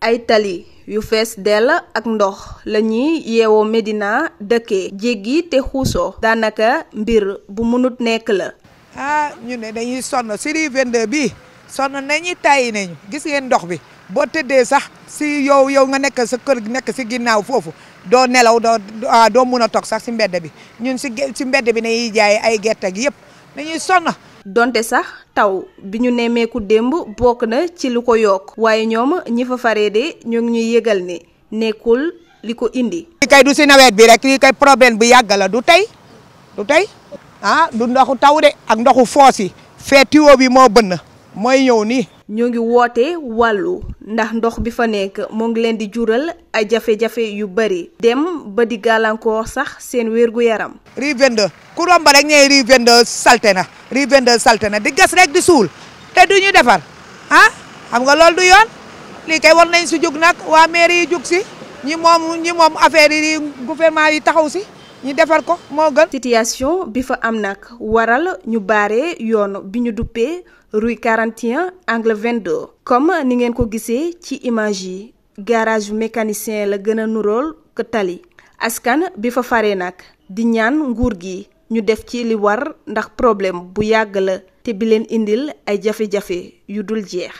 ay tali yu fees dell ak ndox lañuy yeewoo Medina dëkkee jéggi te xuusoo daanaka mbir bu mënut nekk la ah ñu ne dañuy sonn si rue 22 bii sonn nañuy tàyyi nañu gis ngeen ndox bi boo tëddee sax si yow yow nga nekk sa kër nekk si ginnaaw foofu doo nelaw doo ah, mën a toog sax si mbedd bi ñun si si mbedd bi nañuy jaay ay gerte gi yëpp dañuy sonn donte sax taw bi ñu nemmeeku démb bokk na ci lu ko yokk waaye ñoom ñi fa faree de ñoo ngi ñuy yëgal ne nekkul li ko indi. lii kay du si nawet bi rek lii kay problème bi yàgg du tey du tey ah du ndoxu taw de ak ndoxu foos yi fee tuyau bi moo bënn mooy ñëw nii. ñoo ngi woote wàllu ndax ndox bi fa nekk moo ngi leen di jural ay jafe-jafe yu bari dem ba di gàllankoor sax seen wér gu yaram. Rue 22 ku romb rek ñooy Rue salte na. rue 22 salte na di gas rek di suul te du ñu defar ah xam nga loolu du yoon lii kay war nañ si jug nag waa mairie yi jug si ñi moom ñi moom affaire yi gouvernement yi taxaw si ñu defar ko moo gën. situation bi fa am nag waral ñu bare yoon bi ñu duppee rue 41 angle 22 comme ni ngeen ko gisee ci image yi garage mécanicien la gën a nurool ko tali askan bi fa faree nag di ñaan nguur gi. ñu def ci li war ndax problème bu yàgg la te bi leen indil ay jafe-jafe yu dul jeex